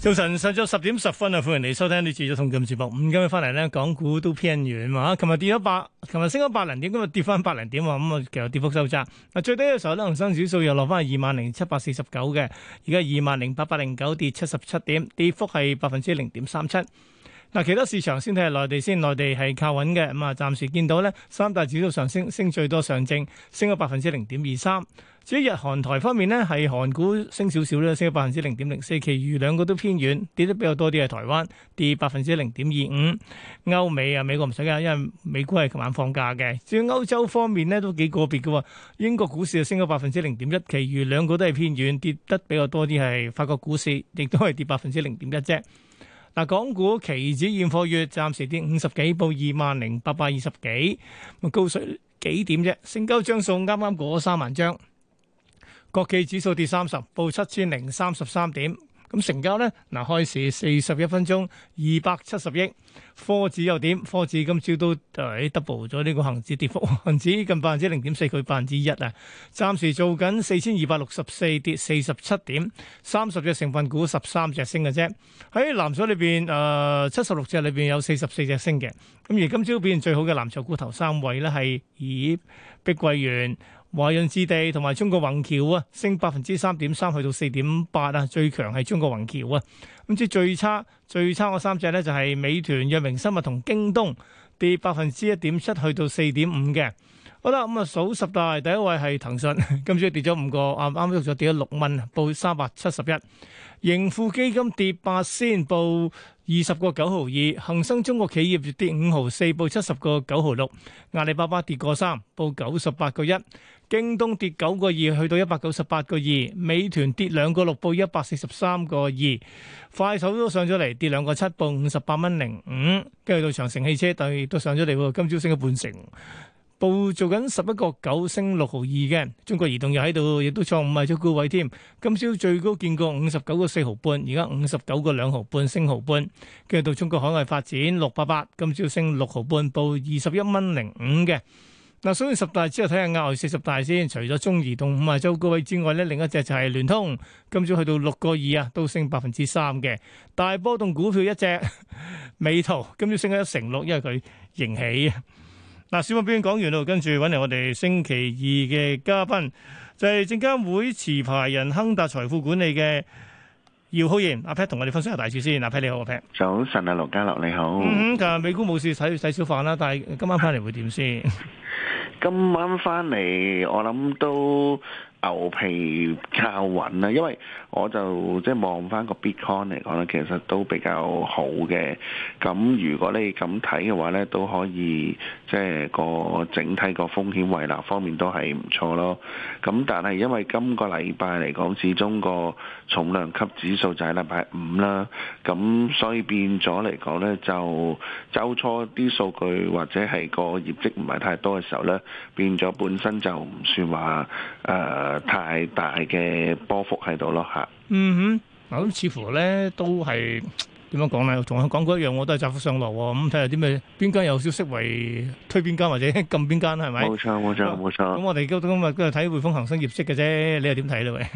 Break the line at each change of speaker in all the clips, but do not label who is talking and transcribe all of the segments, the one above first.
早晨，上晝十點十分啊，歡迎你收聽次呢次嘅《一桶金》節目。咁今日翻嚟咧，港股都偏軟啊。琴日跌咗百，琴日升咗百零點，今日跌翻百零點咁啊，其實跌幅收窄。嗱，最低嘅時候咧，恒生指數又落翻係二萬零七百四十九嘅，而家二萬零八百零九，跌七十七點，跌幅係百分之零點三七。嗱，其他市場先睇下內地先，內地係靠穩嘅，咁啊暫時見到咧，三大指數上升，升最多上證，升咗百分之零點二三。至於日韓台方面呢，係韓股升少少咧，升咗百分之零點零四，其餘兩個都偏軟，跌得比較多啲係台灣，跌百分之零點二五。歐美啊，美國唔使㗎，因為美股係琴晚放假嘅。至於歐洲方面呢，都幾個別嘅，英國股市就升咗百分之零點一，其餘兩個都係偏軟，跌得比較多啲係法國股市，亦都係跌百分之零點一啫。嗱，港股期指現貨月暫時跌五十幾，報二萬零八百二十幾，高水幾點啫？成交張數啱啱過三萬張。國企指數跌三十，報七千零三十三點。咁成交咧，嗱，開市四十一分鐘二百七十億。科指又點？科指今朝都喺、哎、double 咗呢個恒指跌幅，恒指近百分之零點四，佢百分之一啊。暫時做緊四千二百六十四，跌四十七點，三十隻成分股十三隻升嘅啫。喺藍籌裏邊，誒七十六隻裏邊有四十四隻升嘅。咁而今朝表現最好嘅藍籌股頭三位咧，係以碧桂園。華潤置地同埋中國宏橋啊，升百分之三點三，去到四點八啊，最強係中國宏橋啊。咁即係最差，最差嗰三隻咧就係美團、藥明生物同京東跌，跌百分之一點七，去到四點五嘅。好啦，咁啊數十大，第一位係騰訊，今朝跌咗五個，啱、啊、啱跌咗六蚊，報三百七十一。盈富基金跌八仙，報二十個九毫二。恒生中國企業跌五毫四，報七十個九毫六。阿里巴巴跌個三，報九十八個一。京東跌九個二，去到一百九十八個二。美團跌兩個六，報一百四十三個二。快手都上咗嚟，跌兩個七，報五十八蚊零五。跟住到長城汽車，但係都上咗嚟，今朝升咗半成。報做緊十一個九，升六毫二嘅，中國移動又喺度，亦都創五十周高位添。今朝最高見過五十九個四毫半，而家五十九個兩毫半，升毫半。繼續到中國海外發展六八八，今朝升六毫半，報二十一蚊零五嘅。嗱，所以十大之後睇下額外四十大先，除咗中移動五十周高位之外咧，另一隻就係聯通，今朝去到六個二啊，都升百分之三嘅。大波動股票一隻，美圖今朝升咗一成六，因為佢盈喜啊。嗱，小、啊、文表演講完啦，跟住揾嚟我哋星期二嘅嘉賓，就係證監會持牌人亨達財富管理嘅姚浩然阿、啊、Pat，同我哋分析下大市先。阿、啊、Pat 你好，阿、啊、Pat。
早晨啊，盧家樂你好。嗯
嗯，今日美股冇事，洗洗小飯啦。但係今晚翻嚟會點先？
今晚翻嚟，我諗都。牛皮靠穩啦，因為我就即係、就、望、是、翻個 Bitcoin 嚟講咧，其實都比較好嘅。咁如果你咁睇嘅話咧，都可以即係、就是、個整體個風險維納方面都係唔錯咯。咁但係因為今個禮拜嚟講，始終個重量級指數就喺禮拜五啦，咁所以變咗嚟講咧，就週初啲數據或者係個業績唔係太多嘅時候咧，變咗本身就唔算話誒，呃太大嘅波幅喺度咯吓，
嗯哼，嗱，似乎咧都係點樣講咧，同我講過一樣，我都係窄幅上落，咁睇下啲咩邊間有消息為推邊間或者撳邊間係咪？冇錯冇錯冇錯，咁好錯我哋今今日睇匯豐恒生業績嘅啫，你又點睇咧？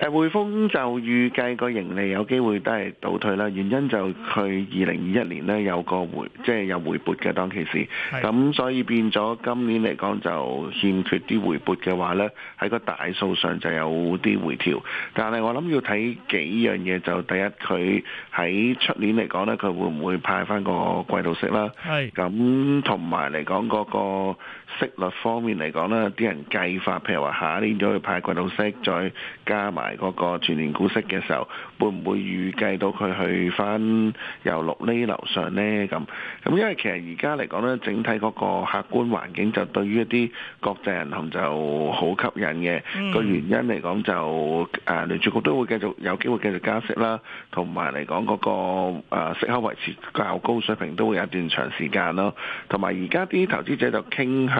誒匯豐就預計個盈利有機會都係倒退啦，原因就佢二零二一年呢有個回，即係有回撥嘅當其時，咁是所以變咗今年嚟講就欠缺啲回撥嘅話呢，喺個大數上就有啲回調。但係我諗要睇幾樣嘢，就第一，佢喺出年嚟講呢，佢會唔會派翻個季度息啦？係咁同埋嚟講嗰個。息率方面嚟講咧，啲人計法，譬如話下一年再去派季度息，再加埋嗰個全年股息嘅時候，會唔會預計到佢去翻由六釐樓上咧？咁咁，因為其實而家嚟講咧，整體嗰個客觀環境就對於一啲國際銀行就好吸引嘅個、嗯、原因嚟講就誒聯儲局都會繼續有機會繼續加息啦，同埋嚟講嗰個誒息口維持較高水平都會有一段長時間咯，同埋而家啲投資者就傾向。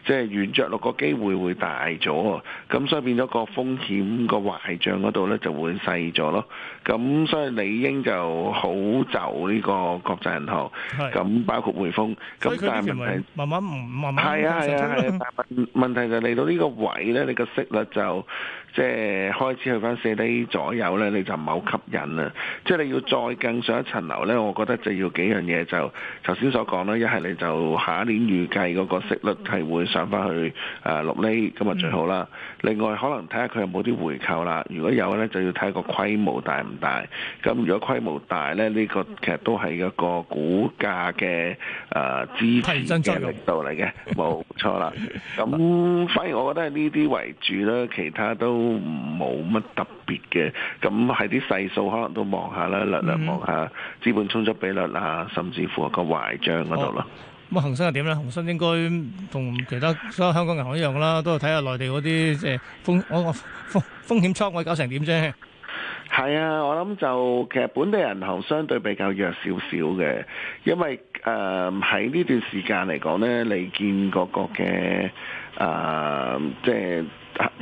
即係軟着落個機會會大咗，咁所以變咗個風險個壞賬嗰度咧就會細咗咯。咁所以理應就好就呢個國際銀行，咁是包括匯豐。咁但係問題
慢慢慢慢。啊係啊係啊！啊啊啊
問題就嚟到呢個位咧，你個息率就即係開始去翻四厘左右咧，你就唔係好吸引啦。即係你要再更上一層樓咧，我覺得就要幾樣嘢就頭先所講啦。一係你就下一年預計嗰個息率係會。上翻去誒落呢，咁啊最好啦。另外可能睇下佢有冇啲回購啦，如果有咧就要睇個規模大唔大。咁如果規模大咧，呢、這個其實都係一個股價嘅誒支持嘅力度嚟嘅，冇 錯啦。咁反而我覺得係呢啲為主啦，其他都冇乜特別嘅。咁係啲細數可能都望下啦，略略望下資本充足比率啊，甚至乎個壞帳嗰度啦。哦
咁恒生係點呢？恒生應該同其他所有香港銀行一樣啦，都係睇下內地嗰啲即係風，哦、風風險倉我風風險倉位搞成點啫？
係啊，我諗就其實本地銀行相對比較弱少少嘅，因為誒喺呢段時間嚟講呢，你見嗰個嘅誒、呃、即係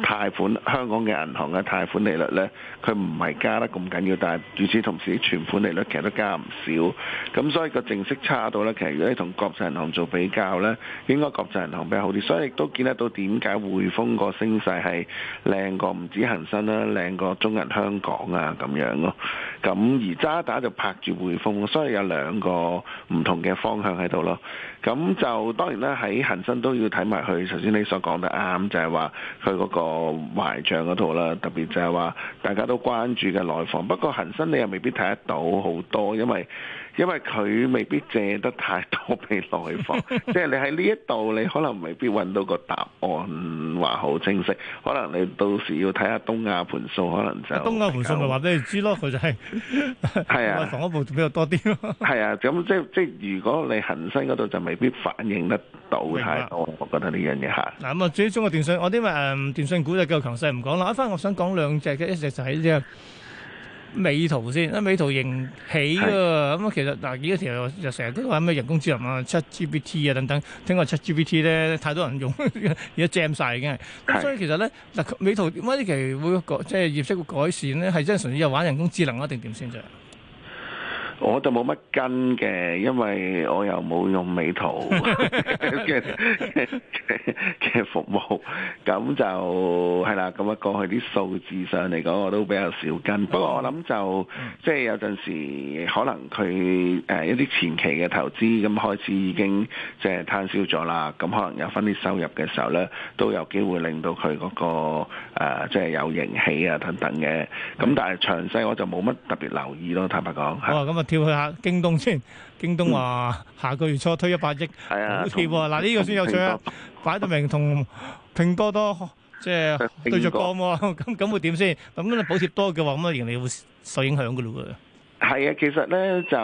貸款香港嘅銀行嘅貸款利率呢。佢唔係加得咁緊要，但係與此同時存款利率其實都加唔少，咁所以個淨息差到咧，其實如果你同國際銀行做比較咧，應該國際銀行比較好啲。所以亦都見得到點解匯豐個升勢係靚過唔止恒生啦，靚過中銀香港啊咁樣咯。咁而渣打就拍住匯豐，所以有兩個唔同嘅方向喺度咯。咁就當然啦，喺恒生都要睇埋佢，頭先你所講得啱，就係話佢嗰個壞帳嗰度啦，特別就係話大家。都關注嘅內房，不過恒生你又未必睇得到好多，因為因為佢未必借得太多俾內房，即係你喺呢一度你可能未必揾到個答案話好清晰，可能你到時要睇下東亞盤數，可能就東亞盤數咪話俾你
知咯，佢就係係啊，房部比較多啲咯，
係啊，咁即即係如果你恒生嗰度就未必反應得到太多，我覺得呢樣嘢吓。
嗱咁啊，至於中國電信，我啲咪誒電信股就夠強勢唔講啦，一翻我想講兩隻嘅，一隻就喺。美圖先，啊美圖型起㗎，咁啊是、嗯、其實嗱，而家成日又成日都話咩人工智能啊，ChatGPT 啊等等，聽講 ChatGPT 咧太多人用，而家 jam 曬已經係。咁是所以其實咧，嗱美圖點解啲其實會即係業績會改善咧？係真係純粹玩人工智能啊定點先啫？
我就冇乜跟嘅，因為我又冇用美圖嘅嘅服務，咁就係啦。咁啊，過去啲數字上嚟講，我都比較少跟。不過我諗就即係有陣時，可能佢誒、呃、一啲前期嘅投資咁開始已經即係攤銷咗啦。咁可能有分啲收入嘅時候咧，都有機會令到佢嗰、那個、呃、即係有盈氣啊等等嘅。咁但係詳細我就冇乜特別留意咯，坦白講。
哦，跳去下京東先，京東話、嗯、下個月初推一百億、係啊、補貼喎，嗱呢個先有趣啊！多多擺到明同拼多多即係、就是、哥對着幹喎，咁 咁會點先？咁你補貼多嘅話，咁啊人哋會受影響嘅咯
喎。係啊，其實咧就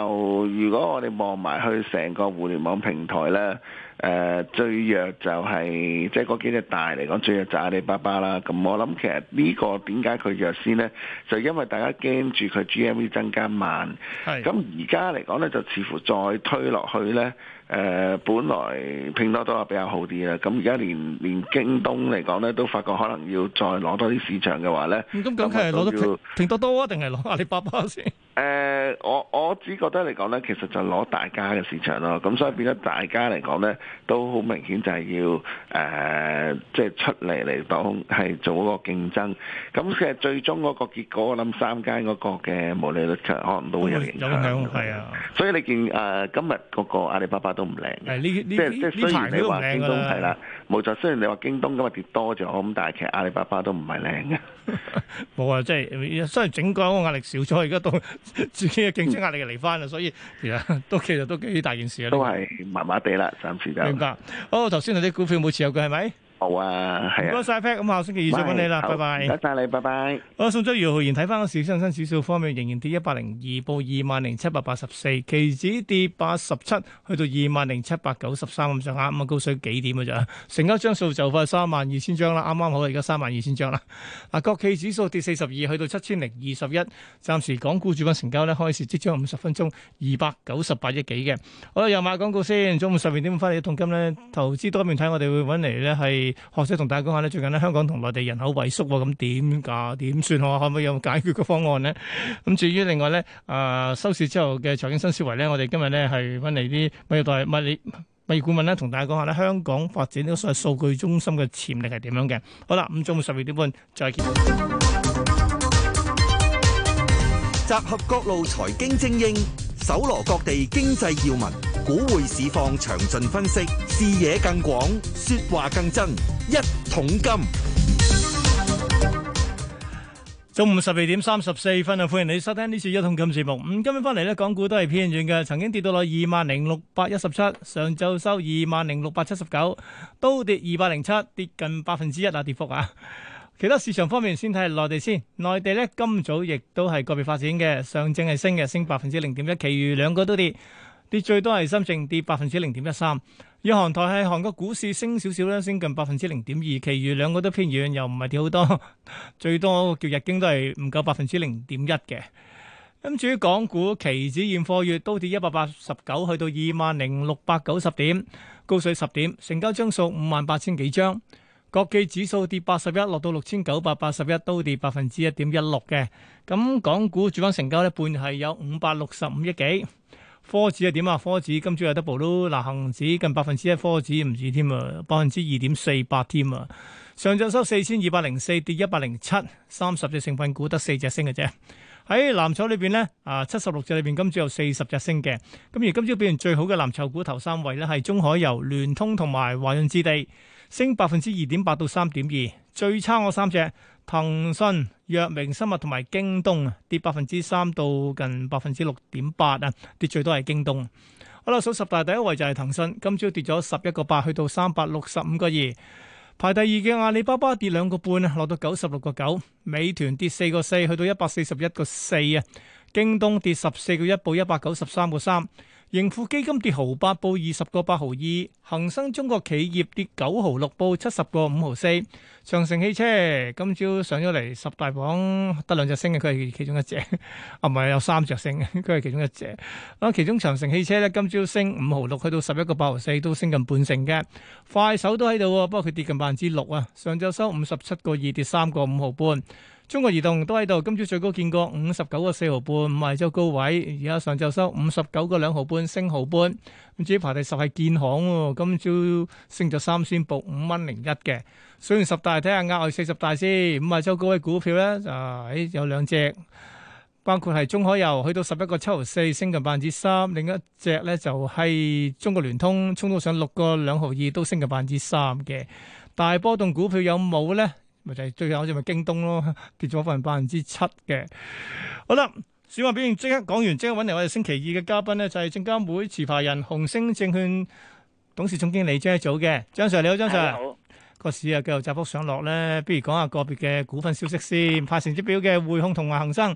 如果我哋望埋去成個互聯網平台咧。誒、uh, 最弱就係、係、即係嗰幾隻大嚟講，最弱就阿里巴巴啦。咁我諗其實呢、呢個點解佢弱先咧？就因為大家驚住佢 GMV 增加慢。係。咁而家嚟講咧，就似乎再推落去咧。誒、呃，本來拼多多係比較好啲啦，咁而家連連京東嚟講咧，都發覺可能要再攞多啲市場嘅話咧，咁佢係攞到
拼多多啊，定係攞阿里巴巴先？
誒、呃，我我只覺得嚟講咧，其實就攞大家嘅市場咯，咁所以變咗大家嚟講咧，都好明顯就係要誒，即、呃、係、就是、出嚟嚟講係做一個競爭。咁、嗯、其實最終嗰個結果，我諗三間嗰個嘅毛利率長可能都會有影響，係、嗯、啊。所以你見誒、呃、今日嗰個阿里巴巴、巴。都唔靚嘅，即係即係雖然你話京東係啦，冇錯。雖然你話京東今日跌多咗，咁但係其實阿里巴巴都唔係靚嘅。
冇呀， 即係雖然整個壓力少咗，而家都自己嘅競爭壓力嚟翻啦，嗯、所以都其，其實都幾大件事啦、啊。都係麻麻地啦，暫時咁。明白？好，頭先嗰啲股票冇持有嘅係咪？好、哦、啊，唔該曬 p 咁下星期二再揾你啦，好拜拜。唔該曬你，拜拜。好，姚浩然睇翻個市，恒生指數方面仍然跌一百零二，報二萬零七百八十四，期指跌八十七，去到二萬零七百九十三咁上下，咁啊高水幾點嘅咋？成交張數就快三萬二千張啦，啱啱好，而家三萬二千張啦。嗱，國企指數跌四十二，去到七千零二十一。暫時港股主板成交咧，開始即將五十分鐘二百九十八億幾嘅。好啦，又買廣告先，中午十二點翻嚟一桶金咧，投資多面睇，我哋會揾嚟咧係。學者同大家講下咧，最近咧香港同內地人口萎縮，咁點噶？點算可唔可以有解決嘅方案呢？咁至於另外呢，誒，收市之後嘅財經新思維呢，我哋今日呢係搵嚟啲物業代、物業物業顧問咧，同大家講下咧，香港發展呢個所謂數據中心嘅潛力係點樣嘅？好啦，咁中午十二點半再見。集合各路財經精英，搜羅各地經濟要聞，股匯市況詳盡分析，視野更廣，說話更真。一桶金，中午十二點三十四分啊！歡迎你收聽呢次一桶金節目。咁今日翻嚟呢，港股都係偏軟嘅，曾經跌到落二萬零六百一十七，上晝收二萬零六百七十九，都跌二百零七，跌近百分之一啊，跌幅啊。其他市場方面先睇下內地先，內地呢今早亦都係個別發展嘅，上證係升嘅，升百分之零點一，其餘兩個都跌。跌最多係深證跌百分之零點一三，而韓台係韓國股市升少少咧，升近百分之零點二，其餘兩個都偏軟，又唔係跌好多，最多叫日經都係唔夠百分之零點一嘅。咁至於港股期指現貨月都跌一百八十九，去到二萬零六百九十點，高水十點，成交張數五萬八千幾張。國企指數跌八十一，落到六千九百八十一，都跌百分之一點一六嘅。咁港股主板成交咧，半係有五百六十五億幾。科指係點啊？科指今朝又 double 咯。嗱，恒指近百分之一，科指唔止添啊，百分之二點四八添啊。上晝收四千二百零四，跌一百零七，三十隻成分股得四隻升嘅啫。喺藍籌裏邊咧，啊七十六隻裏邊今朝有四十隻升嘅。咁而今朝表現最好嘅藍籌股頭三位咧係中海油、聯通同埋華潤置地，升百分之二點八到三點二。2, 最差我三隻。騰訊、藥明生物同埋京東啊，跌百分之三到近百分之六點八啊，跌最多係京東。好啦，數十大第一位就係騰訊，今朝跌咗十一個八，去到三百六十五個二。排第二嘅阿里巴巴跌兩個半啊，落到九十六個九。美團跌四個四，去到一百四十一個四啊。京東跌十四個一，報一百九十三個三。盈富基金跌毫八，報二十個八毫二；恒生中國企業跌九毫六，報七十個五毫四。長城汽車今朝上咗嚟十大榜得兩隻升嘅，佢係其中一隻啊，唔係有三隻升嘅，佢係其中一隻啊。其中長城汽車咧今朝升五毫六，去到十一個八毫四，都升近半成嘅。快手都喺度，不過佢跌近百分之六啊。上晝收五十七個二，跌三個五毫半。中國移動都喺度，今朝最高見過 5, 五十九個四毫半，五日周高位。而家上晝收五十九個兩毫半，升毫半。至於排第十係建行喎，今朝升咗三仙報五蚊零一嘅。睇完十大睇下額外四十大先，五日周高位股票咧就哎有兩隻，包括係中海油去到十一個七毫四，升近百分之三。另一隻咧就係、是、中國聯通，衝到上六個兩毫二，都升近百分之三嘅。大波動股票有冇咧？咪就係最近好似咪京東咯，跌咗份百分之七嘅。好啦，小項表現即刻講完，即刻揾嚟我哋星期二嘅嘉賓咧，就係證監會持牌人、紅星證券董事總經理張一祖嘅張 Sir，你好，張 Sir。個 Hello. 市啊繼續窄幅上落咧，不如講下個別嘅股份消息先。發成績表嘅匯控同埋恒生。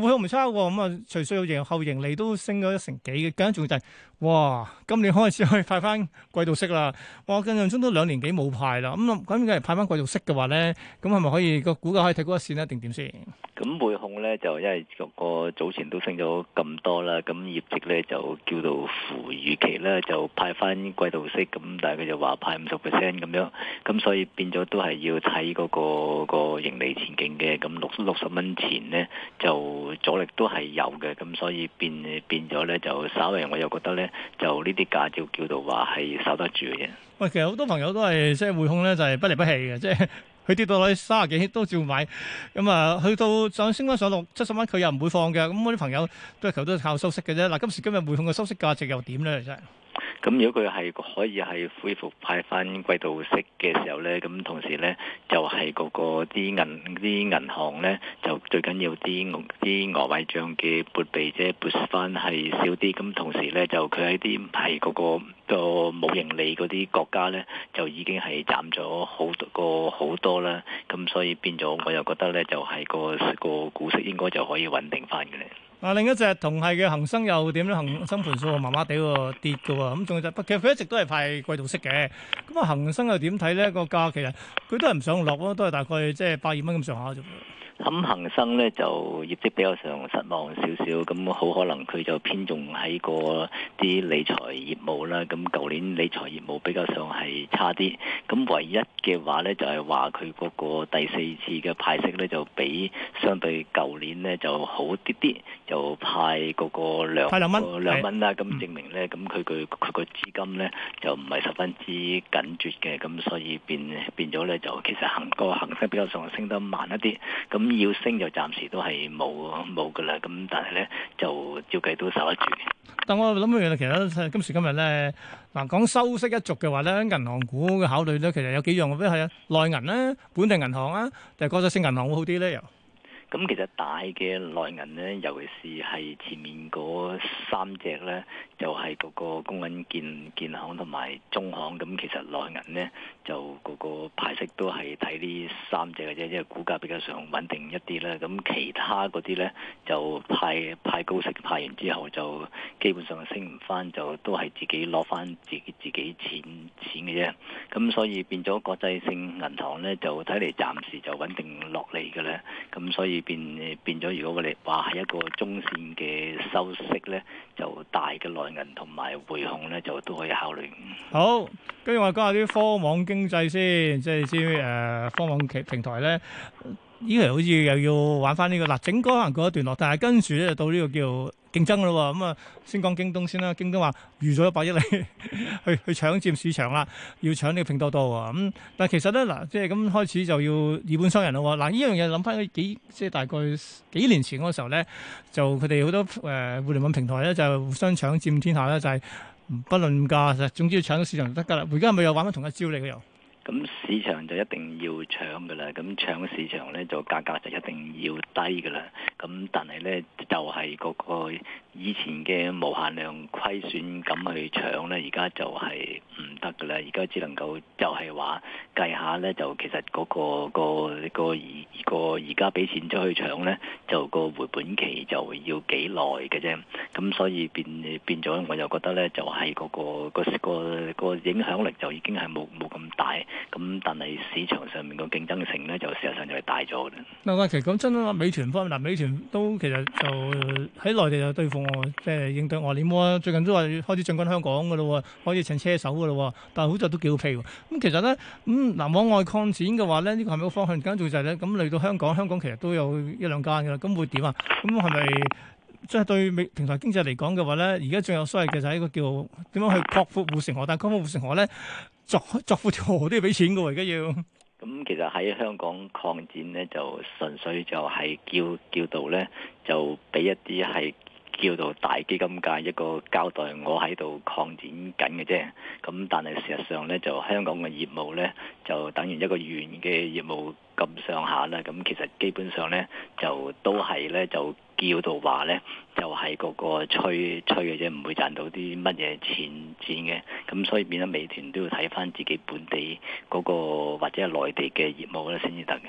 匯控唔差喎，咁啊，除稅營後盈利都升咗一成幾嘅，咁啊，仲就係哇，今年開始可以派翻季度息啦！哇，我印象中都兩年幾冇派啦，咁啊，咁如果係派翻季度息嘅話咧，咁係咪可以個股價可以睇高一線咧？一定點先？
咁匯控咧就因為個早前都升咗咁多啦，咁業績咧就叫做符預期啦，就派翻季度息，咁但係佢就話派五十 percent 咁樣，咁所以變咗都係要睇嗰個個盈利前景嘅。咁六六十蚊錢咧就。阻力都係有嘅，咁所以變變咗咧，就稍微我又覺得咧，就呢啲價照叫做話係受得住嘅。
喂，其實好多朋友都係即係匯控咧，就係、是就是、不離不棄嘅，即係佢跌到落去三十幾都照買，咁啊，去到上升翻上六七十蚊，佢又唔會放嘅，咁我啲朋友都係求都係靠收息嘅啫。嗱、啊，今時今日匯控嘅收息價值又點咧？真係。
咁如果佢係可以係恢復派翻季度息嘅時候咧，咁同時咧就係、是、嗰個啲銀啲銀行咧就最緊要啲啲呆壞賬嘅撥備，即係撥翻係少啲，咁同時咧就佢喺啲係嗰個、那個冇盈利嗰啲國家咧就已經係賺咗好多個好多啦，咁、那個、所以變咗我又覺得咧就係、是那個、那個股息應該就可以穩定翻嘅咧。
啊，另一隻同係嘅恒生又點咧？恒生盤數啊，麻麻地跌嘅喎。咁仲有隻，其實佢一直都係派季度息嘅。咁啊，恆生又點睇咧？那個價其實，佢都係唔上落咯，都係大概即係百二蚊咁上下啫。
咁恒生咧就業績比較上失望少少，咁好可能佢就偏重喺嗰啲理財業務啦。咁舊年理財業務比較上係差啲，咁唯一嘅話咧就係話佢嗰個第四次嘅派息咧就比相對舊年咧就好啲啲，就派嗰個兩蚊，兩兩蚊啦。咁係嘅。證明咧，咁佢佢佢個資金咧就唔係十分之緊絀嘅，咁所以變變咗咧就其實恆個恆生比較上升得慢一啲，咁。咁、嗯、要升就暫時都係冇冇噶啦。咁但係咧就照計都守得住。
但我諗其其實今時今日咧，嗱講收息一族嘅話咧，銀行股嘅考慮咧，其實有幾樣嘅，都係啊，內銀啦、啊，本地銀行啊，定係國際性銀行會好啲咧？又。
咁其實大嘅內銀咧，尤其是係前面嗰三隻咧，就係、是、嗰個工銀建、建行同埋中行。咁其實內銀咧就個個派息都係睇呢三隻嘅啫，因為股價比較上穩定一啲啦。咁其他嗰啲咧就派派高息，派完之後就基本上升唔翻，就都係自己攞翻自己自己錢錢嘅啫。咁所以變咗國際性銀行咧，就睇嚟暫時就穩定落嚟嘅啦。咁所以。變變咗，如果我哋話係一個中線嘅收息咧，就大嘅內銀同埋匯控咧，就都可以考慮。
好，跟住我講下啲科網經濟先，即係先誒科網其平台咧。呢期好似又要玩翻，這，呢個，嗱整個可能過一段落，但係跟住咧就到呢個叫競爭咯喎，咁、嗯、啊先講京東先啦。京東話預咗一百億嚟 去去搶佔市場搶多多、嗯、啦，要搶呢個拼多多喎。咁但係其實咧嗱，即係咁開始就要以本傷人咯喎。嗱呢樣嘢諗翻幾即係大概幾年前嗰時候咧，就佢哋好多誒、呃、互聯網平台咧就是、互相搶佔天下咧，就係、是、不論價，就總之搶到市場就得㗎啦。而家係咪又玩翻同一招嚟嘅又？
咁市場就一定要搶嘅啦，咁搶市場咧就價格就一定要低嘅啦。咁但係咧就係、係、嗰個以前嘅無限量虧損咁去搶咧，而家就係唔得嘅啦。而家只能夠就係話計下咧，就其實嗰、嗰個、嗰個而、嗰個而家俾錢出去搶咧，就個回本期就要幾耐嘅啫。咁所以變變咗，我就覺得咧就係、係、嗰、嗰個、嗰個、嗰個影響力就已經係冇冇咁大。咁但係市場上面個競爭性咧，就事實上就係大咗嘅。
嗱，其實講真啦，美團方面，嗱，美團都其實就喺內地就對付我，即係應對外鏈魔啊！最近都話開始進軍香港嘅咯，可以請車手嘅咯，但係好似都幾好飛。咁、嗯、其實咧，咁嗱往外擴展嘅話咧，呢個係咪個方向？緊要做就係、是、咧，咁嚟到香港，香港其實都有一兩間嘅啦。咁會點啊？咁係咪即係對美平台經濟嚟講嘅話咧？而家最有所謂嘅就係一個叫點樣去擴闊護城河，但係擴闊護城河咧？作作副條河都要俾錢噶喎，而家要。
咁其實喺香港擴展咧，就純粹就係叫叫到咧，就俾一啲係叫做大基金界一個交代，我喺度擴展緊嘅啫。咁但係事實上咧，就香港嘅業務咧，就等於一個縣嘅業務咁上下啦。咁其實基本上咧，就都係咧就。叫到話咧，就係、是、嗰個吹吹嘅啫，唔會賺到啲乜嘢錢錢嘅。咁、啊、所以變咗，美團都要睇翻自己本地嗰個或者係內地嘅業務咧，先至得嘅。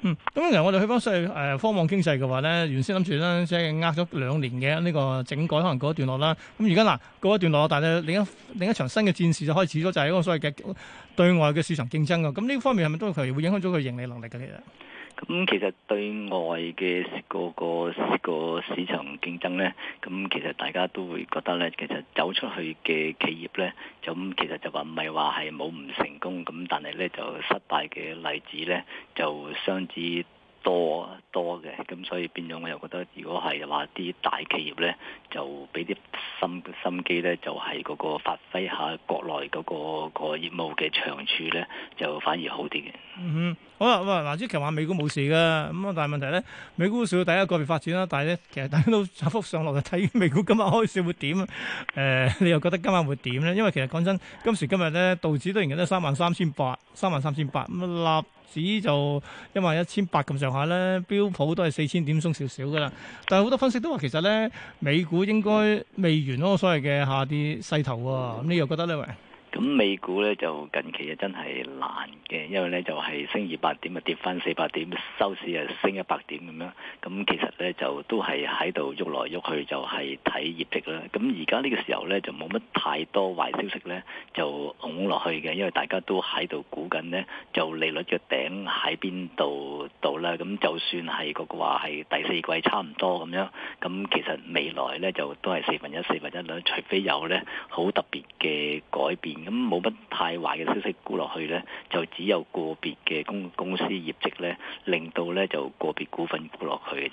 嗯，
咁其實我哋去翻所謂誒科網經濟嘅話咧，原先諗住咧即係呃咗兩年嘅呢個整改，可能過一段落啦。咁而家嗱過一段落，但係另一另一場新嘅戰事就開始咗，就係一個所謂嘅對外嘅市場競爭嘅。咁呢方面係咪都係會影響咗佢盈利能力嘅？其實？
咁其實對外嘅個個個市場競爭呢，咁其實大家都會覺得呢，其實走出去嘅企業呢，咁其實就話唔係話係冇唔成功，咁但係呢，就失敗嘅例子呢，就相似多多嘅，咁、嗯、所以變咗我又覺得，如果係話啲大企業咧，就俾啲心心機咧，就係、是、嗰個發揮下國內嗰、那個、那個業務嘅長處咧，就反而好啲
嘅。嗯好啦，嗱，之前話美股冇事㗎，咁啊，但係問題咧，美股少要第一個別發展啦、啊，但係咧，其實大家都上幅上落嘅睇美股今日開市會點、啊？誒、呃，你又覺得今晚會點咧？因為其實講真，今時今日咧，道指都仍然都三萬三千八，三萬三千八咁一納。指就一萬一千八咁上下啦，標普都係四千點鬆少少噶啦。但係好多分析都話其實咧，美股應該未完囉，所謂嘅下跌勢頭喎。咁你又
覺得咧？喂。咁美股咧就近期啊真係難嘅，因為咧就係升二百點啊跌翻四百點，收市啊升一百點咁樣。咁其實咧就都係喺度喐來喐去，就係睇業績啦。咁而家呢個時候咧就冇乜太多壞消息咧，就拱落去嘅，因為大家都喺度估緊咧就利率嘅頂喺邊度度啦。咁就算係嗰個話，係第四季差唔多咁樣。咁其實未來咧就都係四分一四分一啦，除非有咧好特別嘅改變。咁冇乜太壞嘅消息沽落去咧，就只有個別嘅公公司業績咧，令到咧就個別股份沽落去嘅啫。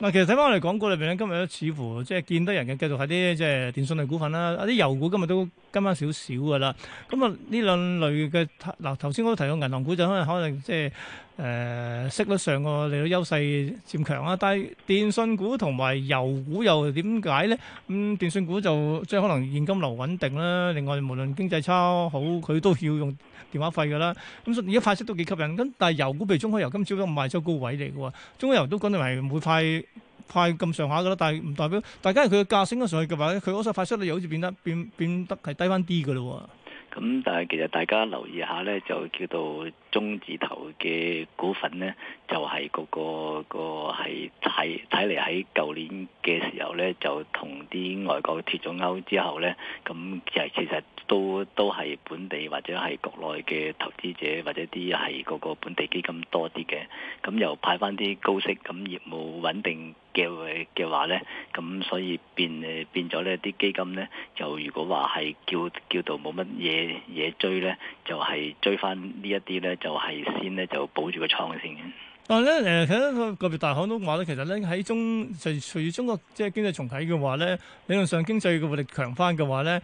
嗱，其實睇返我哋港股裏邊咧，今日都似乎即係見得人嘅繼續喺啲即係電信類股份啦，啊，啊啲油股今日都。今晚少少噶啦，咁啊呢兩類嘅，嗱頭先我都提過銀行股就可能可能即係誒息率上個利率優勢佔強啊，但係電信股同埋油股又點解咧？咁電信股就即係可能現金流穩定啦，另外無論經濟差好，佢都要用電話費㗎啦。咁所以而家派息都幾吸引，咁但係油股譬如中海油今朝都賣咗高位嚟嘅喎，中海油都講定係每塊。派咁上下噶啦，但係唔代表大家，佢嘅價升咗上去嘅話佢嗰隻派息率又好似變得變變得係低翻啲噶咯。
咁但係其實大家留意下咧，就叫做中字頭嘅股份咧，就係嗰個個係睇睇嚟喺舊年嘅時候咧，就同啲外國脫咗鈎之後咧，咁就其，其實都都係本地或者係國內嘅投資者或者啲係嗰個本地基金多啲嘅，咁又派翻啲高息，咁業務穩定。嘅嘅話咧，咁所以變誒變咗呢啲基金咧，就如果話係叫叫到冇乜嘢嘢追咧，就係追翻呢一啲咧，就係先咧，就保住個倉先嘅。
但係咧誒，其實個特別大行都話咧，其實咧喺中隨隨住中國即係經濟重啟嘅話咧，理論上經濟嘅活力強翻嘅話咧。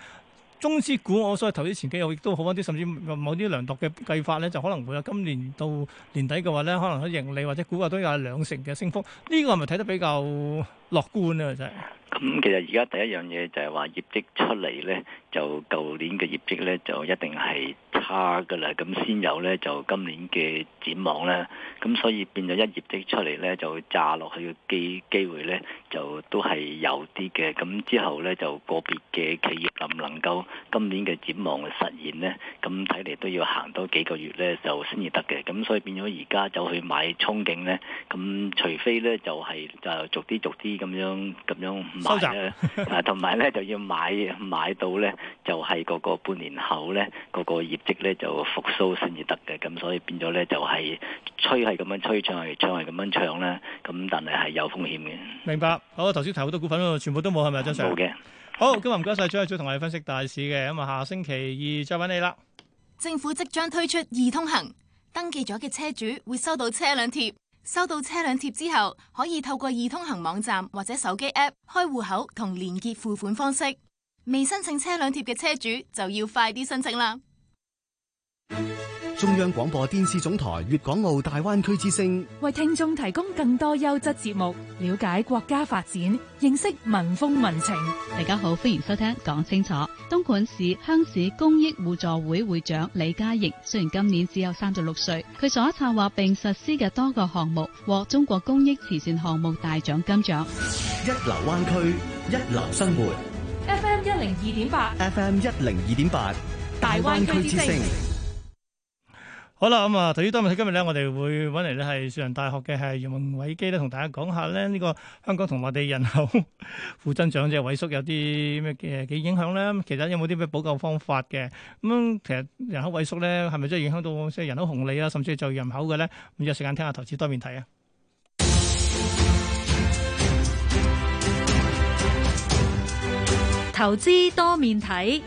中資股我所以投資前景又亦都好翻啲，甚至某啲量度嘅計法咧，就可能會有今年到年底嘅話咧，可能佢盈利或者股價都有兩成嘅升幅，呢、這個係咪睇得比較樂觀啊？真係。
咁其實而家第一樣嘢就係話業績出嚟呢，就舊年嘅業績呢，就一定係差㗎喇，咁先有呢，就今年嘅展望呢，咁所以變咗一業績出嚟呢，就炸落去嘅機機會呢，就都係有啲嘅，咁之後呢，就個別嘅企業能唔能夠今年嘅展望實現呢？咁睇嚟都要行多幾個月呢，就先至得嘅，咁所以變咗而家就去買憧憬呢。咁除非呢，就係、是、就逐啲逐啲咁樣咁樣。收窄，同埋咧就要買買到咧，就係嗰個半年後咧，嗰個業績咧就復蘇先至得嘅，咁所以變咗咧就係，吹係咁樣吹，唱係唱係咁樣唱啦。咁但係係有風險嘅。
明白，好，頭先提好多股份全部都冇，係咪，張 Sir？冇嘅。 好，今日唔該晒張玉超同我哋分析大市嘅，咁啊，下星期二再揾你啦。
政府即將推出易通行，登記咗嘅車主會收到車輛貼。收到車輛貼之後，可以透過易通行網站或者手機 App 開戶口同連結付款方式。未申請車輛貼嘅車主就要快啲申請啦。
中央廣播電視總台粵港澳大灣區之聲
為聽眾提供更多優質節目，了解國家發展，認識民風民情。大家好，歡迎收聽《講清楚》。東莞市香市公益互助會會長李嘉瑩，雖然今年只有三十六歲，佢所策劃並實施嘅多個項目獲中國公益慈善項目大獎金獎。一流灣區，一流生活。
FM 一零二點八，FM 一零二點八，大灣區之聲。好啦，咁啊，頭先多問題，今日咧，我哋會揾嚟咧係樹仁大學嘅係袁文偉基咧，同大家講下咧呢個香港同內地人口負增長即係萎縮有啲咩嘅嘅影響咧？其實有冇啲咩補救方法嘅？咁其實人口萎縮咧，係咪真係影響到即係人口紅利啊，甚至係就業人口嘅咧？咁有時間聽下投資多面體啊！
投資多面體。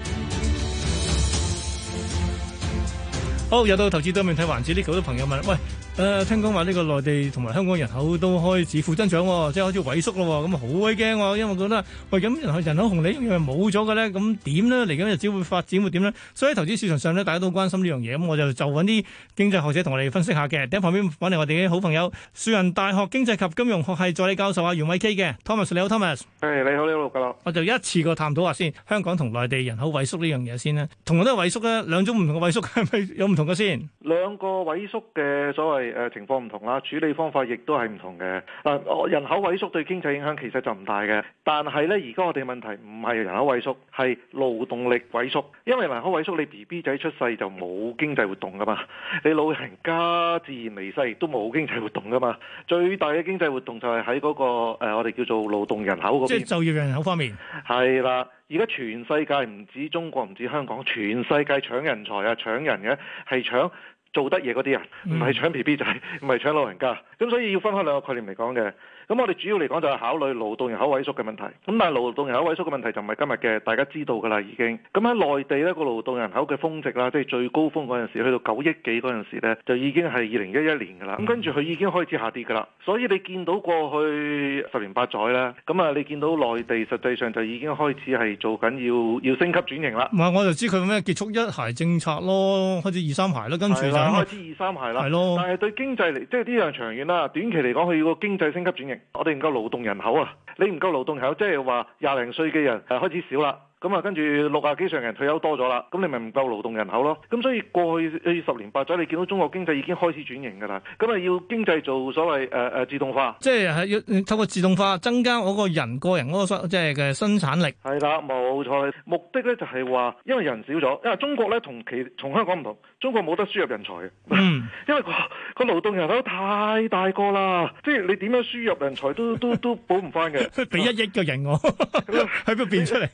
好，又到投資多面睇環節，呢個好多朋友問，喂。誒，聽講話呢個內地同埋香港人口都開始負增長，即係開始萎縮咯、哦。咁啊好鬼驚，我因為我覺得喂，咁人口人口紅利咪冇咗嘅咧？咁點咧嚟緊又只會發展會點咧？所以喺投資市場上咧，大家都關心呢樣嘢。咁我就就揾啲經濟學者同我哋分析下嘅。喺旁邊揾嚟我哋嘅好朋友，樹人大學經濟及金融學系助理教授阿袁偉基嘅，Thomas 你好，Thomas。誒、hey,，你好你好，陸格。我就一次過探討下先，香港同內地人口萎縮呢樣嘢先啦。同樣都係萎縮咧，兩種唔同嘅萎縮係咪有唔同嘅先？
兩個萎縮嘅所謂。誒、呃、情況唔同啦，處理方法亦都係唔同嘅。嗱、呃，人口萎縮對經濟影響其實就唔大嘅。但係呢，而家我哋問題唔係人口萎縮，係勞動力萎縮。因為人口萎縮，你 B B 仔出世就冇經濟活動噶嘛，你老人家自然離世亦都冇經濟活動噶嘛。最大嘅經濟活動就係喺嗰個、呃、我哋叫做勞動人口嗰邊，即係就，就業人口方面係啦。而家全世界唔止中國，唔止香港，全世界搶人才啊，搶人嘅、啊、係搶做得嘢嗰啲人，唔係搶 BB 仔，唔係搶老人家，咁所以要分開兩個概念嚟講嘅。咁我哋主要嚟講就係考慮勞動人口萎縮嘅問題。咁但係勞動人口萎縮嘅問題就唔係今日嘅，大家知道㗎啦已經。咁喺內地呢個勞動人口嘅峰值啦，即係最高峰嗰陣時，去到九億幾嗰陣時咧，就已經係二零一一年㗎啦。咁跟住佢已經開始下跌㗎啦。所以你見到過去十年八載啦，咁啊你見到內地實際上就已經開始係做緊要要升級轉型
啦。唔係，我就知佢咩結束一孩政策咯，開始二三孩啦，跟住就係、開始二三孩
啦。係咯。但係對經濟嚟，即係呢樣長遠啦，短期嚟講佢要個經濟升級轉型。我哋唔夠勞動人口啊！你唔夠勞動人口，即係話廿零歲嘅人就開始少啦。咁啊，跟住六啊幾上嘅人退休多咗啦，咁你咪唔夠勞動人口咯。咁所以過去誒十年八載，你見到中國經濟已經開始轉型㗎啦。咁啊，要經濟做所謂誒誒自動化，
即係係要透過自動化增加我個人個人嗰個即係嘅生產力。係啦，冇錯。目的咧就係
話，因為人少咗，因為中國咧同其同香港唔同，中國冇得輸入人才嘅。嗯。因為個個勞動人口太大個啦，即係你點樣輸入人才都 都都補唔翻嘅。俾 一億個人我喺邊度變出嚟。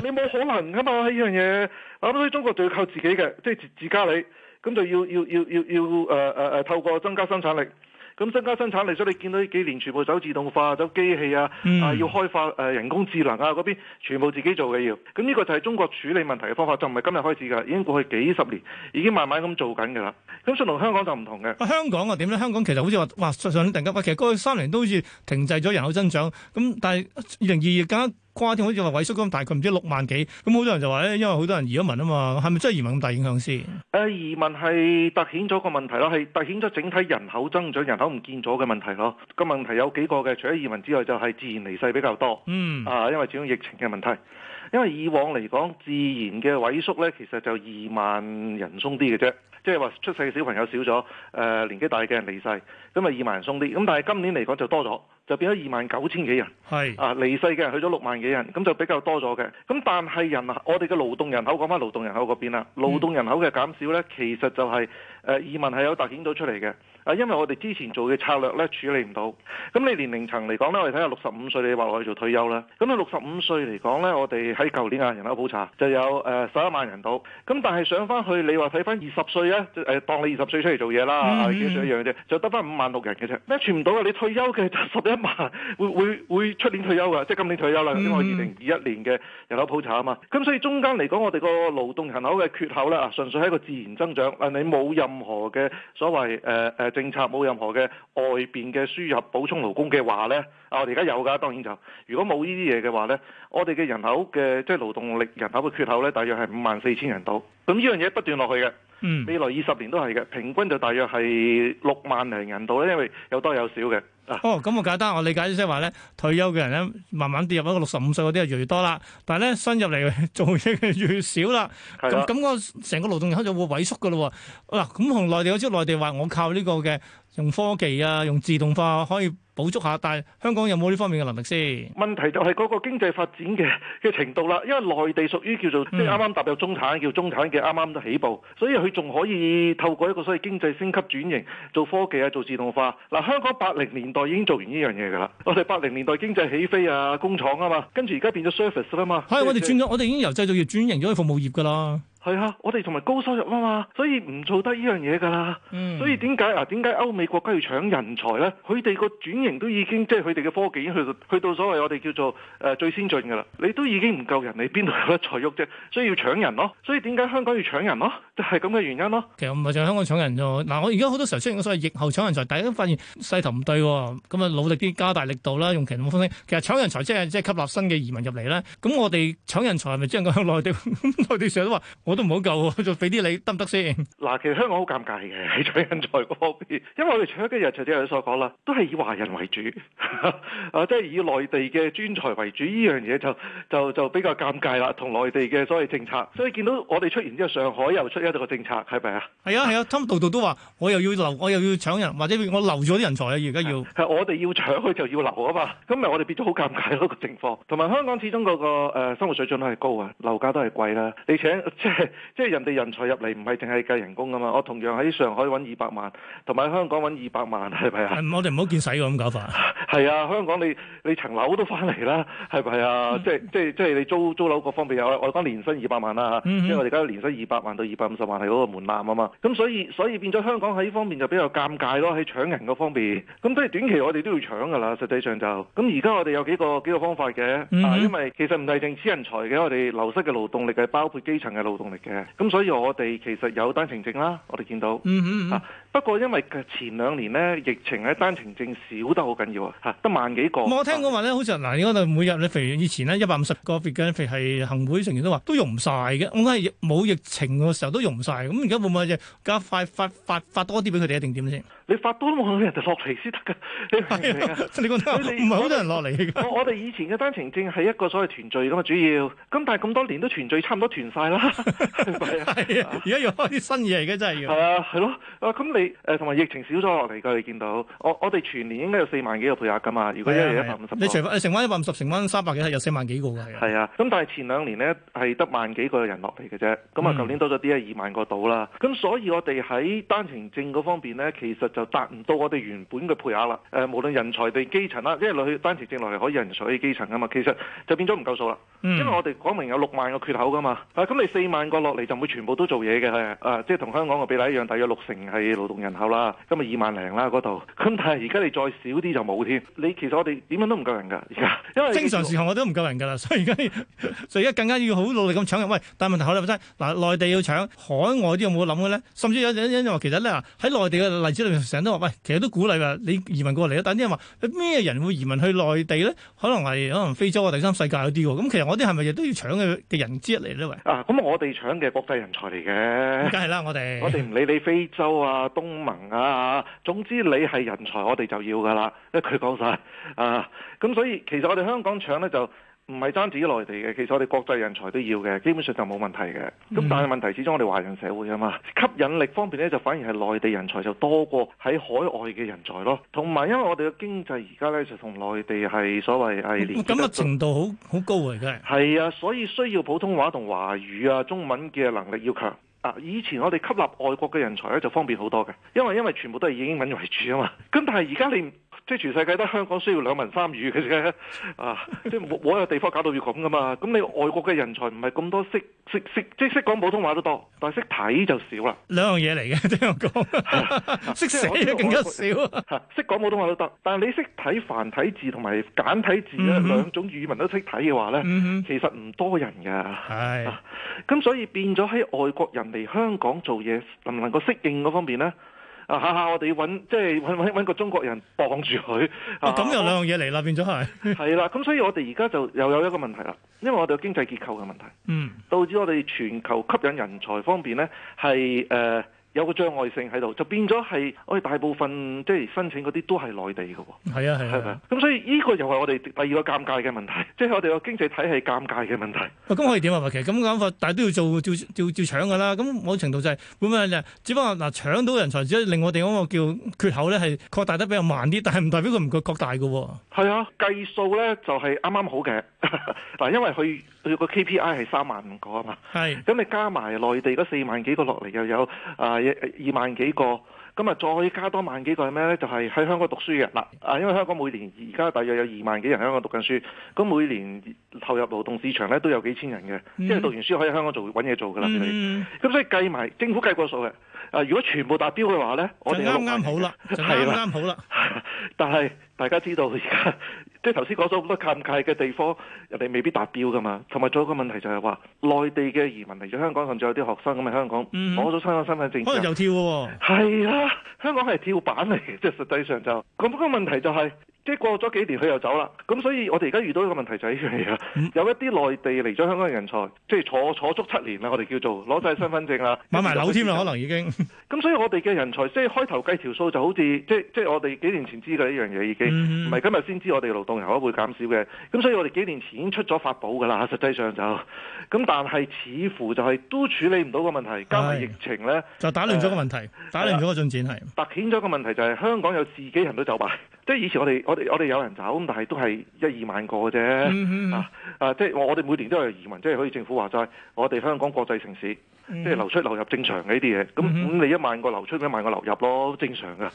你冇可能噶嘛？呢樣嘢，咁所以中國就要靠自己嘅，即係自自加力，咁就要要要要要誒誒誒透過增加生產力，咁增加生產力，所以你見到呢幾年全部走自動化、走機器啊，啊要開發誒人工智能啊嗰邊，全部自己做嘅要。咁呢個就係中國處理問題嘅方法，就唔係今日開始㗎，已經過去幾十年，已經慢慢咁做緊㗎啦。咁順同香港就唔
同嘅。香港係點咧？香港其實好似話哇上年突然間，其實過去三年都好似停滯咗人口增長。咁但係二零二二更加。跨天好似話萎縮咁大，佢唔知六萬幾，咁好多人就話咧，因為好多人移咗民啊嘛，係咪真係移民咁大影響先？
誒，移民係凸顯咗個問題咯，係凸顯咗整體人口增長、人口唔見咗嘅問題咯。個問題有幾個嘅，除咗移民之外，就係自然離世比較多。嗯，啊，因為始終疫情嘅問題，因為以往嚟講，自然嘅萎縮咧，其實就二萬人鬆啲嘅啫。即係話出世嘅小朋友少咗，誒、呃、年紀大嘅人離世，咁啊二萬人鬆啲。咁但係今年嚟講就多咗，就變咗二萬九千幾人。係啊，離世嘅人去咗六萬幾人，咁就比較多咗嘅。咁但係人，我哋嘅勞動人口講返勞動人口嗰邊啦，勞動人口嘅減少咧，其實就係。誒，移民係有凸顯到出嚟嘅，啊，因為我哋之前做嘅策略咧處理唔到。咁你年齡層嚟講咧，我哋睇下六十五歲，你話我去做退休啦。咁你六十五歲嚟講咧，我哋喺舊年啊人口普查就有誒十一萬人到。咁但係上翻去，你話睇翻二十歲咧，誒、啊、當你二十歲出嚟做嘢啦，mm hmm. 啊、其實一樣啫，就得翻五萬六人嘅啫，咩傳唔到啊？你退休嘅就十一萬會會會出年退休嘅，即係今年退休啦，mm hmm. 因為二零二一年嘅人口普查啊嘛。咁所以中間嚟講，我哋個勞動人口嘅缺口咧啊，純粹係一個自然增長，啊你冇任任何嘅所謂誒誒、呃、政策，冇任何嘅外邊嘅輸入補充勞工嘅話呢，啊，我哋而家有㗎，當然就如果冇呢啲嘢嘅話呢，我哋嘅人口嘅即係勞動力人口嘅缺口呢，大約係五萬四千人度，咁呢樣嘢不斷落去嘅，未來二十年都係嘅，平均就大約係六萬零人度咧，因為有多有少嘅。
哦，咁我簡單，我理解即係話咧，退休嘅人咧，慢慢跌入一個六十五歲嗰啲啊，越嚟越多啦，但係咧，新入嚟 做嘢嘅越，越少啦，咁咁的、個成個勞動人口就會萎縮嘅咯喎，嗱、哦，咁同內地好似內地話，我靠呢個嘅。用科技啊，用自動化、啊、可以補足下，但係香港有冇呢方面嘅能力先？
問題就係嗰個經濟發展嘅嘅程度啦，因為內地屬於叫做、嗯、即係啱啱踏入中產，叫中產嘅啱啱都起步，所以佢仲可以透過一個所謂經濟升級轉型做科技啊，做自動化。嗱、啊，香港八零年代已經做完呢樣嘢㗎啦，我哋八零年代經濟起飛啊，工廠啊嘛，跟住而家變咗 service 啦嘛，係對、就係、我哋轉咗，我
哋已經由製造業轉型咗去服務業㗎啦。
係啊，我哋同埋高收入啊嘛，所以唔做得呢樣嘢㗎啦。嗯、所以點解啊？點解歐美國家要搶人才呢？佢哋個轉型都已經即係佢哋嘅科技已經去到去到所謂我哋叫做誒、呃、最先進㗎啦。你都已經唔夠人，你邊度有得才喐啫？所以要搶人咯。
所以點解香港要搶人咯？就係咁嘅原因咯。其實唔係就香港搶人啫。嗱、啊，我而家好多時候出現嘅所謂疫後搶人才，大家都發現勢頭唔對、啊，咁啊努力啲加大力度啦，用其他嘅方式。其實搶人才、就是、即係即係吸納新嘅移民入嚟啦。咁我哋搶人才係咪只能夠向內地？ 內地成日都話我都唔好夠，再俾啲你得唔得先？
嗱，其實香港好尷尬嘅喺搶人才嗰方面，因為我哋搶嘅日，陳志雲所講啦，都係以華人為主， 啊，即係以內地嘅專才為主。呢樣嘢就就就比較尷尬啦，同內地嘅所謂政策。所以見到我哋出現之後，上海又出現。個
政策係咪啊？係啊係啊，咁度度都話我又要留，我又要搶人，或者我留咗啲人才啊！而家要，
係我哋要搶，佢就要留啊嘛。咁
咪我哋變咗好尷尬咯、啊那個情況。
同埋香港始終嗰、那個誒、呃、生活水準都係高啊，樓價都係貴啦。你請即係即係人哋人才入嚟，唔係淨係計人工啊嘛？我同樣喺上海搵二百萬，同埋香港搵二百萬，係咪啊？
我哋唔好見使咁搞法。
係 啊，香港你你層樓都翻嚟啦，係咪？啊？ 即係即係即係你租租樓各方面啊，我講年薪二百萬啦，即我哋而家年薪二百萬, 萬到二百。 五十萬係嗰個門檻啊嘛，咁、嗯、所以所以變咗香港喺呢方面就比較尷尬咯，喺搶人嗰方面，咁所以短期我哋都要搶㗎喇，實際上就咁而家我哋有幾個幾個方法嘅，啊，因為其實唔係淨招人才嘅，我哋流失嘅勞動力係包括基層嘅勞動力嘅，咁、啊、所以我哋其實有單程證啦，我哋見到，嗯嗯，啊，不過因為前兩年呢，疫情咧單程證少得好緊要啊，嚇得萬幾個，啊嗯、我聽講話
咧好似嗱，應該係每日咧，譬如以前咧一百五十個肥嘅，譬如係行會成員都話都用唔晒嘅，咁係冇疫情嘅時候都。用唔曬咁而家會唔會就加快發發發多啲俾佢哋一定點先？你發多都冇人哋落嚟先得噶，你講得啱。唔係好多人落嚟。
我我哋以前嘅單程證係一個所謂團聚噶嘛，主要。咁但係咁多年都團聚，差唔多團晒啦。係而家
要開啲新嘢嘅，真係要。
係啊，係咯。咁你誒同埋疫情少咗落嚟㗎，你見到我我哋全年應該有四萬幾個配額㗎嘛？如果一人一百五十，你除
翻翻一百五十，成翻三百幾係有四萬幾個㗎。
係啊，咁但係前兩年咧係得萬幾個人落嚟嘅啫。咁啊，舊年多咗啲啊萬個到啦，咁所以我哋喺單程證嗰方面咧，其實就達唔到我哋原本嘅配額啦。誒，無論人才地基層啦，因為落去單程證落嚟可以人才去基層噶嘛，其實就變咗唔夠數啦。因為我哋講明有六萬個缺口噶嘛，啊咁你四萬個落嚟就唔會全部都做嘢嘅，啊即係同香港嘅比例一樣，大約六成係勞動人口啦，咁日二萬零啦嗰度，咁但係而家你再少啲就冇添。你其實我哋點樣都唔夠人㗎，而家
因為正常時候我都唔夠人㗎啦，所以而家所以而家更加要好努力咁搶人。喂，但係問題係乜西？嗱，內地要搶。海外啲有冇諗過咧？甚至有有有人話其實咧，喺內地嘅例子裏面成日都話喂、哎，其實都鼓勵話你移民過嚟啊。但啲人話咩人會移民去內地咧？可能係可能非洲啊、第三世界嗰啲喎。咁、嗯、其實我啲係咪亦都要搶嘅嘅人之一嚟咧？喂！啊、咁、嗯、
我哋搶嘅國際人才嚟嘅，梗係啦！我哋我哋唔理你非洲啊、東盟啊，總之你係人才，我哋就要噶啦。一句講晒啊！咁所以其實我哋香港搶咧就。唔係單止內地嘅，其實我哋國際人才都要嘅，基本上就冇問題嘅。咁但係問題始終我哋華人社會啊嘛，吸引力方面咧就反而係內地人才就多過喺海外嘅人才咯。同埋因為我哋嘅經濟而家咧就同內地係所謂係連接咁嘅程度好
好高嚟、啊、嘅。
係啊，所以需要普通話同華語啊中文嘅能力要強啊。以前我哋吸納外國嘅人才咧就方便好多嘅，因為因為全部都係以英文為主啊嘛。咁但係而家你。即係全世界都香港需要兩文三語嘅啫，啊！即係冇冇有地方搞到要咁㗎嘛？咁你外國嘅人才唔係咁多，識識識即係識講普通話都多，但係識睇就少啦。兩
樣嘢嚟嘅，即係講，
識寫嘅更加少、啊、識講普通話都得，但係你識睇繁體字同埋簡體字咧，mm hmm. 兩種語文都識睇嘅話咧，mm hmm. 其實唔多人㗎。係。咁所以變咗喺外國人嚟香港做嘢，能唔能夠適應嗰方面咧？啊！我哋要揾，即係揾揾個中國人綁住佢。咁又兩樣
嘢嚟啦，變咗係係
啦。咁所以我哋而家就又有一個問題啦，因為我哋經濟結構嘅問題，嗯、導致我哋全球吸引人才方面呢係誒。有個障礙性喺度，就變咗係我哋大部分即係申請嗰啲都係內地㗎喎、哦。係啊係啊，咁、啊嗯、所以呢個又係我哋第二個尷尬嘅問題，即係我哋個經濟體系尷尬嘅問題。
咁、啊嗯、可以點啊？其實咁講法，但係都要做，照照照搶㗎啦。咁、嗯、某程度就係咁啊，只不過嗱，搶到人才只係令我哋嗰個叫缺口咧係擴大得比較慢啲，但係唔代表佢唔夠擴大嘅、哦。
係啊，計數咧就係啱啱好嘅，嗱，因為佢佢個 KPI 係三萬五個啊嘛。係咁、啊，你、啊、加埋內地嗰四萬幾個落嚟，又有啊。呃二萬幾個，咁啊再加多萬幾個係咩呢？就係、是、喺香港讀書嘅啦。啊，因為香港每年而家大約有二萬幾人喺香港讀緊書，咁每年投入勞動市場呢都有幾千人嘅，即係讀完書可以喺香港做搵嘢做噶啦。咁、嗯、所以計埋政府計過數嘅。.啊！如果全部達標嘅話咧，剛剛我哋啱啱好，剛剛好
啦，就啱啱好啦 。
但係大家知道而家，即係頭先講咗好多尷尬嘅地方，人哋未必達標噶嘛。同埋仲有一個問題就係話，內地嘅移民嚟咗香港，甚至有啲學生咁喺香港攞咗香港身份證，可能又
跳喎。係啦，
香港係跳板嚟嘅。即係實際上就咁。嗰、嗰個問題就係、係。即係過咗幾年佢又走啦，咁所以我哋而家遇到一個問題就係呢樣嘢，有一啲內地嚟咗香港嘅人才，即係坐坐足七年啦，我哋叫做攞晒身份證啦，買埋樓添啦，可能已經。咁所以我哋嘅人才即係開頭計條數，就好似即係即係我哋幾年前知嘅呢樣嘢，已經唔係今日先知我哋勞動人口會減少嘅。咁所以我哋幾年前已經出咗法寶噶啦，實際上就咁，但係似乎就係都處理唔到個問題，加埋疫情呢，
就打亂咗個問題，打亂咗個進展係
凸顯咗個問題，就係香港有自己人都走吧。即係以前我哋我哋我哋有人走，但係都係一二萬個啫。啊、嗯嗯、啊！即係我我哋每年都有移民，即係好似政府話齋，我哋香港國際城市，即係流出流入正常嘅呢啲嘢。咁你一萬個流出，一萬個流入咯，正常噶。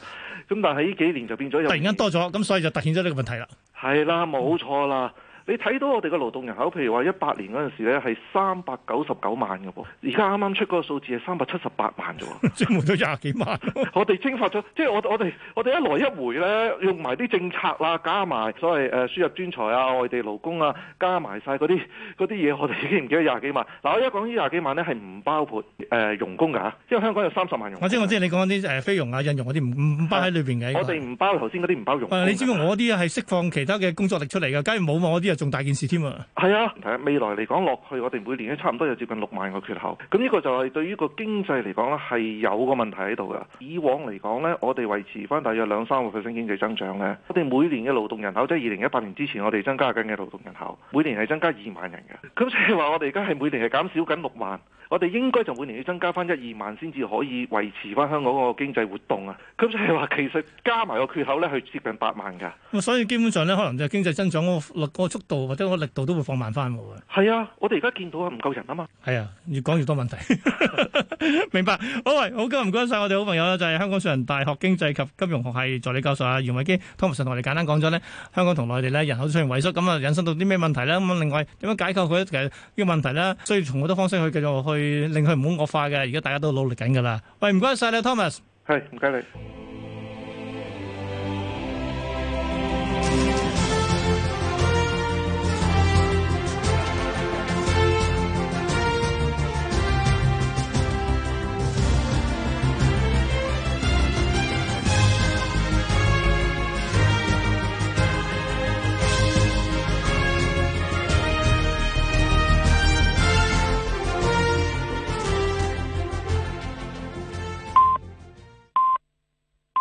咁但係呢幾年就變咗，突
然間多咗，咁所以就凸顯咗呢個問題啦。
係啦，冇錯啦。嗯你睇到我哋嘅勞動人口，譬如話一百年嗰陣時咧，係三百九十九萬嘅噃。而家啱啱出嗰個數字係三百七十八萬啫喎，少咗廿幾萬。我哋蒸發咗，即係我我哋我哋一來一回咧，用埋啲政策啦、啊，加埋所謂誒、呃、輸入專才啊、外地勞工啊，加埋晒嗰啲啲嘢，我哋已經唔記得廿幾萬。嗱、啊，我而家講呢廿幾萬咧係唔包括誒傭、呃、工㗎，因為香港有三十萬傭。我
知我知，你講啲誒非傭啊、印傭嗰啲唔唔包喺裏邊嘅。的這個、我哋唔包頭先嗰啲唔包傭。你知唔知我啲係釋放其他嘅工作力出嚟㗎？假如冇我啲啊～仲大件事添啊！
係啊，未來嚟講落去，我哋每年咧差唔多有接近六萬個缺口。咁呢個就係對於個經濟嚟講咧，係有個問題喺度㗎。以往嚟講咧，我哋維持翻大約兩三個 percent 經濟增長咧，我哋每年嘅勞動人口，即係二零一八年之前我哋增加緊嘅勞動人口，每年係增加二萬人㗎。咁即係話我哋而家係每年係減少緊六萬，我哋應該就每年要增加翻一二萬先至可以維持翻香港個經濟活動啊！咁即係話其實加埋個缺口咧係接近八萬㗎。
所以基本上咧，可能就經濟增長個個速度或者我力度都會放慢翻喎。係啊，我哋而
家見
到啊，唔夠人啊嘛。係啊，越講越多問題。 明白。好，喂，好嘅，唔該晒我哋好朋友，就係、是、香港樹仁大學經濟及金融學系助理教授啊，袁偉基，Thomas 同我哋簡單講咗咧，香港同內地咧人口出現萎縮，咁啊引申到啲咩問題咧？咁另外點樣解救佢嘅呢個問題咧？需要從好多方式去繼續去令佢唔好惡化嘅。而家大家都努力緊㗎啦。喂，唔該晒你，Thomas。係，唔該你。